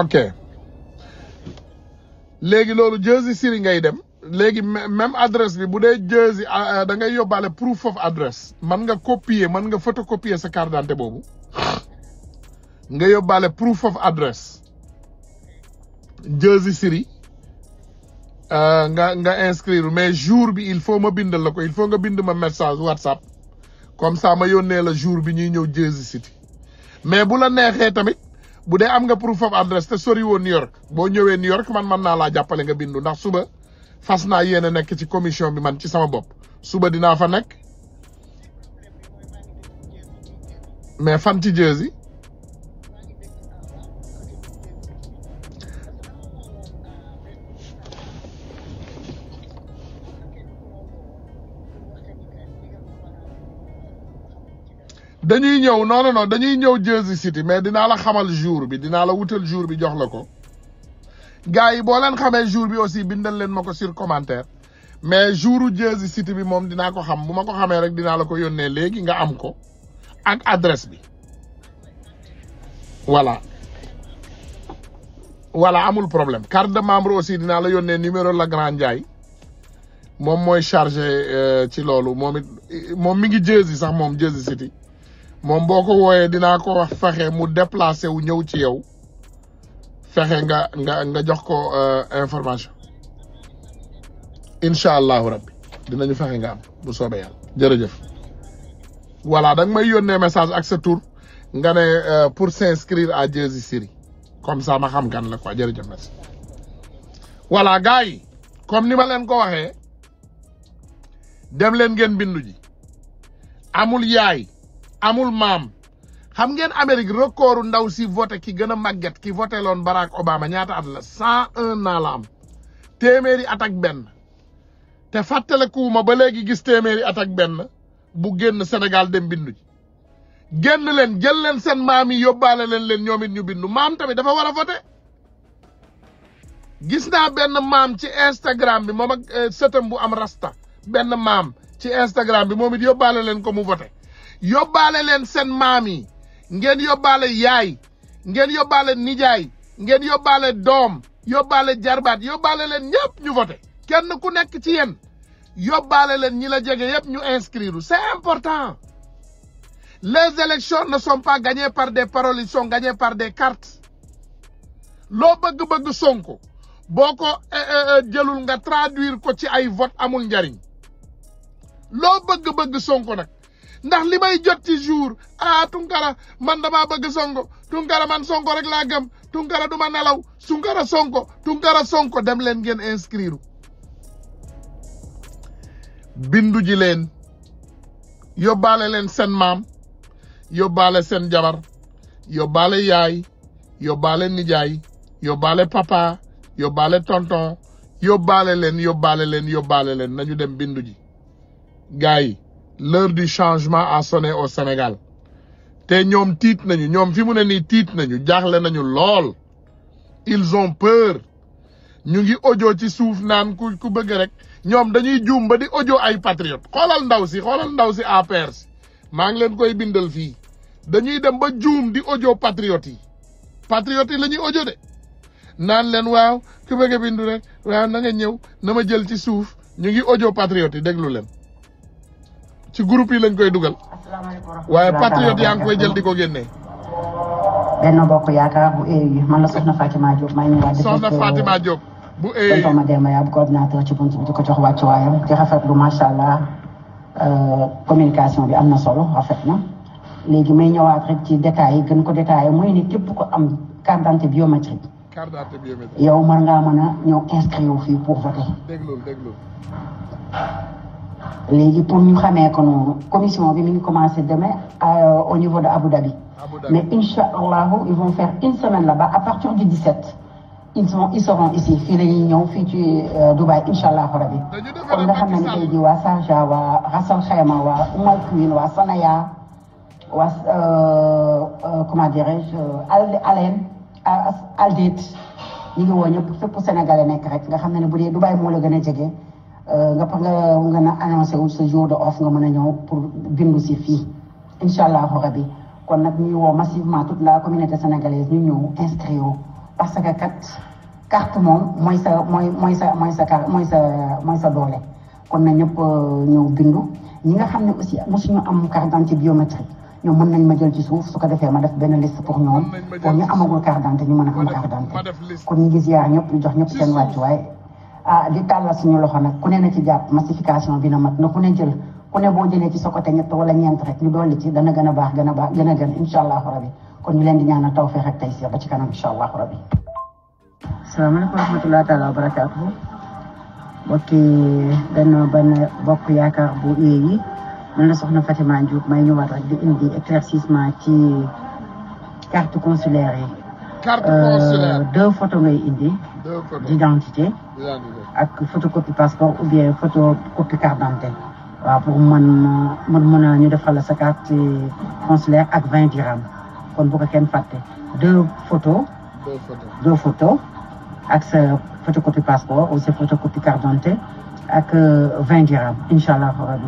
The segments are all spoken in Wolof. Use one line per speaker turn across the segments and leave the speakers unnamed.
ok léegi loolu Jersey City ngay dem léegi même adresse bi bu dee Jersey ah, ah, da ngay yóbbaale proof of address man nga copier man nga photocopier sa carte d'identité boobu nga yóbbaale proof of address Jersey City euh, nga nga inscrire mais jour bi il faut ma bindal la ko il faut nga bind ma message WhatsApp comme ça ma yónnee la jour bi ñuy ñëw Jersey City mais bu la neexee tamit. bu dee am nga pour of address te sori woo New York boo ñëwee New York man mën naa laa jàppale nga bindu ndax suba fas naa yéene nekk ci commission bi man ci sama bopp suba dinaa fa nekk mais fan ci Jersey dañuy ñëw non non dañuy ñëw Jersey City mais dinaa la xamal jour bi dinaa la wutal jour bi jox la ko gars yi boo leen xamee jour bi aussi bindal leen ma ko sur commentaire mais jouru Jersey City bi moom dinaa ko xam bu ma ko xamee rek dinaa la ko yónnee léegi nga am ko ak adresse bi voilà voilà amul problème carte de membre aussi dinaa la yónnee numéro la grand Ndiaye moom mooy chargé euh, ci loolu moom it moom mi ngi Jersey sax moom Jersey City mom boko woyé dina ko wax fexé mu déplacer wu ñew ci yow fexé nga nga nga jox ko euh, information inshallah rabbi dinañu fexé nga am bu soobee yalla jërëjëf voilà dag may yónnee message ak sa tur nga né euh, pour s'inscrire à Jersey City comme ça ma xam kan la quoi jërëjëf merci voilà gaay comme ni ma ko waxé dem len ngeen bindu ji amul yaay amul maam xam ngeen Amérique recordu ndaw si voté ki gën a màgget ki voté loon Barack Obama ñaata at la cent un ans la am téeméeri at ak benn te fàttalekuwuma ba léegi gis téeméeri at ak benn bu génn Sénégal dem bindu ji génn leen jël leen seen maam yi yóbbaale leen leen ñoom it ñu bindu maam tamit dafa war a vote gis naa benn maam ci Instagram bi moom ak euh, sëtam bu am rasta benn maam ci Instagram bi moom it yóbbaale leen ko mu voté yobale len sen maam yi yobale yóbbaale yaay ngeen yobale nijaay yobale yóbbaale doom yóbbaale jarbaat yóbbaale leen ñëpp ñu voter kenn ku nek ci yéen yobale len ñi la jege yëpp ñu inscrire c'est important les élections ne sont pas gagnées par des paroles ils sont gagnées par des cartes lo bëgg-bëgg Sonko boo ko eh, eh, eh, nga traduire ko ci ay vote amul ndariñ lo bëgg-bëgg Sonko nak ndax li may jot ci jour ah Tunkara man damaa bëgg Sonko Tunkara man Sonko rek laa gëm Tunkara du ma nelaw Tunkara Sonko Tunkara Sonko dem leen ngeen inscrire bindu ji leen yóbbaale leen seen maam yóbbaale seen jabar yóbbaale yaay yóbbaale nijaay yóbbaale papa yóbbaale tonton yóbbaale leen yóbbaale leen yóbbaale leen nañu dem bindu ji gaay l'heure du changement a sonné au Sénégal te ñoom tiit nañu ñoom fi mu ne nii tiit nañu jaaxle nañu lool ils ont peur ñu ngi ojo ci suuf naan ku ku bëgg rek ñoom dañuy juum ba di ojo ay patriotes xoolal ndaw si xoolal ndaw si APR si maa ngi leen koy bindal fii dañuy dem ba juum di ojo patriotes yi patriotes yi lañuy ñuy de naan leen waaw ku bëgg a bindu rek waaw na nga ñëw na ma jël ci suuf ñu ngi ojo patriotes yi déglu leen. ci groupe yi lañ koy dugal waaye patriote yaa ngi koy jël di ko génnee.
benn bokk yaakaar bu éeyu man na soxna Fatima Diop maa ngi ñëwaat. soxna Fatima Diop bu éeyu ma Demba Yab coordinateur ci bunt bi di ko jox wàccuwaayam di rafetlu macha allah euh, communication bi am na solo rafet na. léegi may ñëwaat rek ci détails yi gën ko détaillé mooy ni képp ko am carte d'identité biométrique. carte d'identité biométrique. yow mën ngaa mën a ñëw inscrire fii pour voter. déglu déglu. léegi pour ñu xamé ko non commission bi mi ngi commencé demain euh, au niveau de Abu Dhabi mais incha allahu ils vont faire une semaine là-bas à partir du 17 ils sont ils seront ici fi lay ñuy ñëw ci euh, Dubaï incha allahu rabi kon nga xam ne ni wa jii waa Sharjah waa Ras Al Khaimah wa, Sanaya euh, comment dirais-je Alen Aldit ñu ngi wo ñëpp fépp Sénégalais nek rek nga xamné ne bu dé Dubaï mo la gëna a euh, nga nga nga na annoncé wu sa jour de off nga mën ñëw pour bindu ci fi inshallah rabbi kon nak ñuy wo massivement toute la communauté sénégalaise ñu ñëw inscrire parce que kat carte mom moy sa moy moy sa moy sa moy sa moy sa doole kon na ñëpp euh, ñëw bindu ñi nga xamné ne aussi mosuñu am carte d'identité biométrique ñoom mën nañ ma jël ci suuf su ko defee ma def benn liste pour ñoom pour ñu amagul carte d'identité ñu mën a am carte d'identité kon ñu ngi ziar ñëpp ñu jox ñëpp seen wàccuwaay ah di tàllal suñu loxo nak ku ne na ci japp massification bi na mat na ku ne jël ku ne bo jëlé ci sa côté ñett wala ñent rek ñu doli ci dana gëna baax gëna baax gëna gën inshallah rabbi kon ñu leen di ñaanal tawfiq ak tey ba ci kanam inshallah rabbi rabi. alaykum wa rahmatulah taala wa barakatuh bokki ben Benno Bokk yaakar bu yi man la soxna Fatima Diop may ñëwaat rek di indi éclaircissement ci carte consulaire yi.
carte euh, consulaire
deux photos ngay indi. d'identité avec photocopie passeport ou bien photocopie carte d'identité pour mon mën mën a defal la sa carte consulaire avec 20 dirhams. kon vous ko deux photos deux photos avec sa photocopie passeport ou sa photocopie carte d'identité avec euh, 20 dirhams Inch'Allah allah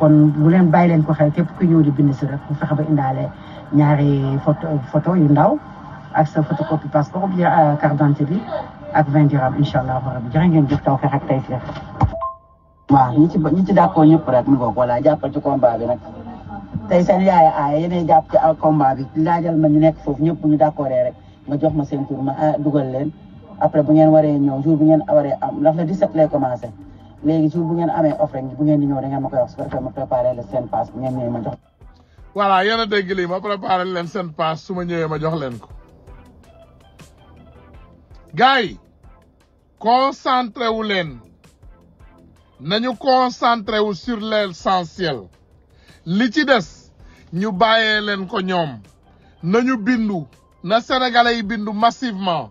vous voulez bu ko que képp ku ñëw di bind photo photo yu ndaw avec sa photocopie passeport ou bien euh, carte d'identité ak vingt dirham incha allah rabbi jërë ngeen jëf tawfeex ak tayseer. waaw ñi ci ñëpp rek mu ngoog voilà jàppal ci combat bi nag tey seen yaay aay yéenay jàpp ci combat bi ñu nekk foofu ñëpp ñu d'accord rek nga jox ma seen tur ma ah, dugal leen après bu ngeen waree ñëw jour bu ngeen waree am ndax le 17 lay commencé léegi jour bu ngeen amee offre bu ngeen di ñëw da ngeen ma koy wax su ko defee ma préparé seen pass bu ngeen ñëwee ma jox.
a leen su ma ñëwee jox ko. gars yi concentré wu leen nañu concentré wu sur l'essentiel li ci des ñu bàyyee leen ko ñoom nañu bindu na sénégalais yi bindu massivement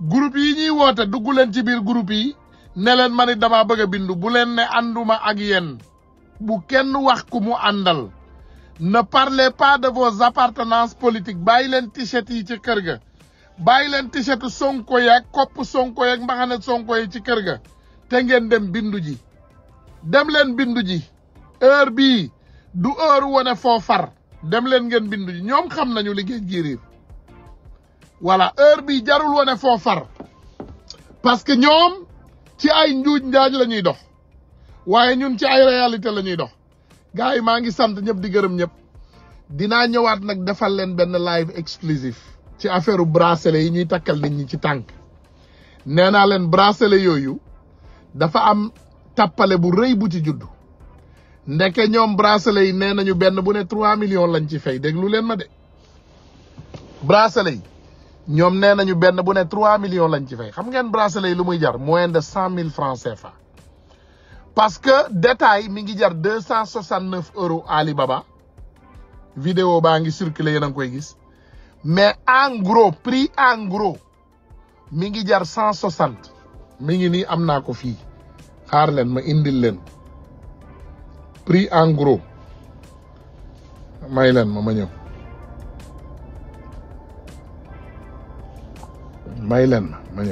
groupe yi ñuy woote dugg leen ci biir groupe yi ne leen ma ni dama bëgg a bindu bu leen ne ànduma ak yenn bu kenn wax ku mu àndal ne parlez pas de vos appartenances politiques bàyyi leen t yi ci kër ga bayilen t-shirt sonko ya kop sonko ya mbaxana sonko ya ci kër ga te ngeen dem bindu ji dem len bindu ji heure bi du heure fo far dem len ngeen bindu ji ñom xam nañu gi jiiriir wala heure bi jarul wane fo far parce que ñom ci ay njuj ndaj lañuy dox waye ñun ci ay réalité lañuy dox gaay ngi di gërëm ñep dina ñëwaat nak defal len ben live exclusive ci affaire bracelet yi ñuy takkal nit ñi ci tànk nee naa leen bracelet yooyu dafa am tappale bu rëy bu ci juddu ndeke ñoom bracelet yi nee nañu benn bu ne trois millions lañ ci fay déglu leen ma de bracelet ñoom nee nañu benn bu ne trois lañ ci fay xam ngeen bracelet yi lu muy jar moins de cent mille francs CFA parce que détail mi ngi jar deux cent soixante neuf euros Alibaba vidéo baa ngi circulé yéen a ngi koy gis mais en gros prix en gros mi ngi jar cent soixante mi ngi nii am ko xaar ma indil len prix en gros may leen ma ma ñëw may ma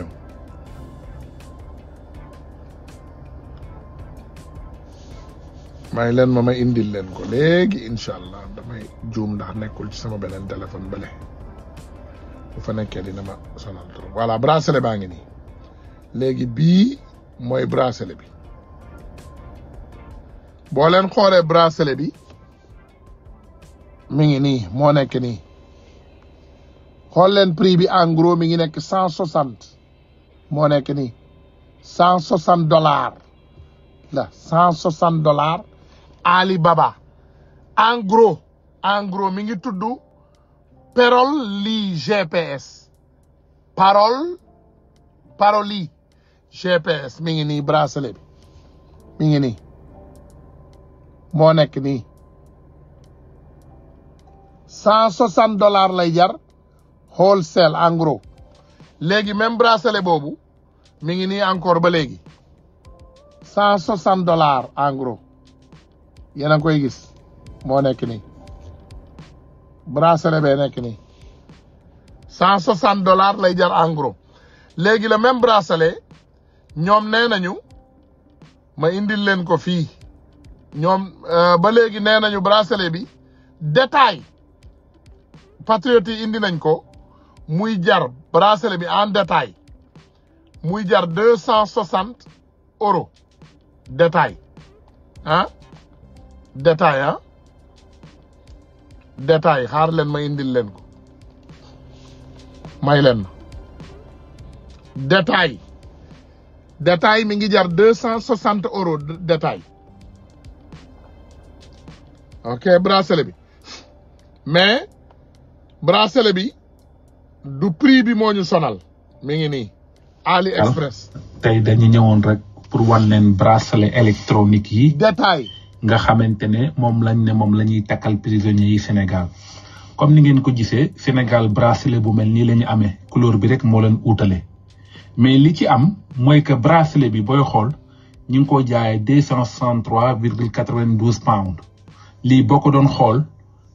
may ma ma indil len ko léegi incha allah damay juum ndax nekkul ci sama beneen téléphone bale bu fa nekkee dina ma sonal voilà bracelet baa ngi nii léegi bii mooy bracelet bi boo leen xoolee bracelet bi mi ngi nii moo nekk nii xool leen prix bi en gros mi ngi nekk cent soixante moo nekk nii cent soixante dollar la cent soixante dollar Alibaba en gros en gros parole lii GPS parole parole GPS mi ngi nii bracelet bi mi ngi nii moo nekk nii cent soixante dollars lay jar wholesale en gros léegi même bracelet boobu mi ngi ni encore ba léegi cent soixante dollars en gros yéen a ngi koy gis moo nekk nii bracelet bee nekk nii cent soixante dollars lay jar en gros léegi le même bracelet ñoom nee nañu ma indil leen ko fii ñoom euh, ba léegi nee nañu bracelet bi détail patriote yi indi nañ ko muy jar bracelet bi en détail muy jar deux cent soixante euros détail détail xaar leen ma indil leen ko may leen ma détail détail mi ngi jar deux cent soixante euros détail ok bracelet bi mais bracelet bi du prix bi moo ñu sonal mi ngi nii ah, Ali Express tey dañu ñëwoon rek pour wan leen bracelet électronique yi détail nga xamante ne moom lañ ne moom la ñuy takkal prisonniers yi Sénégal comme ni ngeen ko gisee Sénégal bracelet bu mel nii la ñu amee couleur bi rek moo leen uutale mais li ci am mooy que bracelet bi booy xool ñu ngi ko jaayee deux cent soixante trois virgule quatre vingt douze pounds lii boo ko doon xool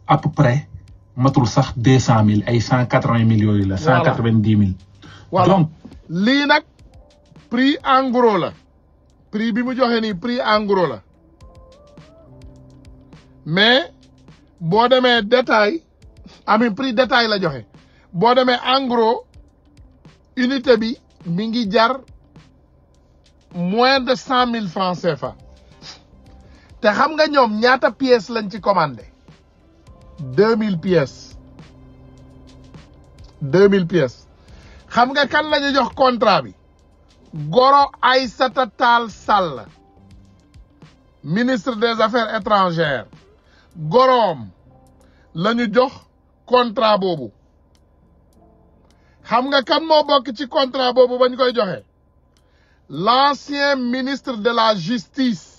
à peu près matul sax deux cent mille ay cent quatre vingt mille yooyu la. cent quatre vingt dix mille. donc lii nag prix en gros la. prix bi mu joxe nii prix en la. mais bo démé détail ami prix détail la joxé bo démé en gros unité bi mi ngi jar moins de 100 000 francs CFA té xam nga ñom ñaata pièces lañ ci commander 2000 pièces 2000 pièces xam nga kan lañu jox contrat bi goro aïssata tal sall ministre des affaires étrangères gorom la ñu jox contrat boobu xam nga kan moo bokk ci contrat boobu ba ñu koy joxe l'ancien ministre de la justice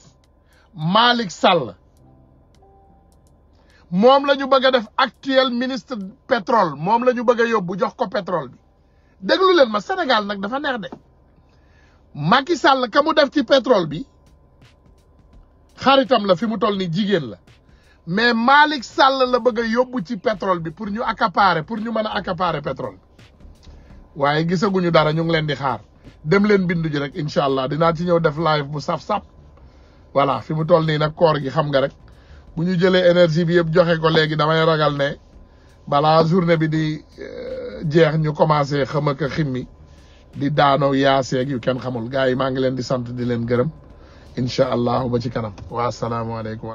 Malick Sall moom la ñu bëgg a def actuel ministre pétrole moom lañu ñu bëgg a yóbbu jox ko pétrole bi déglu leen ma Sénégal nag dafa neex de maki sàll ka mu def ci pétrole bi xaritam la fi mu toll ni jigéen la mais Malick Sall la bëgg a yóbbu ci pétrole bi pour ñu accaparer pour ñu mën a accaparer pétrole bi waaye gisaguñu dara ñu ngi leen di xaar dem leen bindu ji rek incha allah dinaa ci ñëw def live bu saf-saf voilà fi mu toll nii nag koor gi xam nga rek bu ñu jëlee énergie bi yëpp joxe ko léegi damay ragal ne balaa journée bi di euh, jeex ñu commencé xam ak ximmi di daanoo yaaseeg yu kenn xamul gars yi maa ngi leen di sant di leen gërëm incha allah ba ci kanam wa salaamu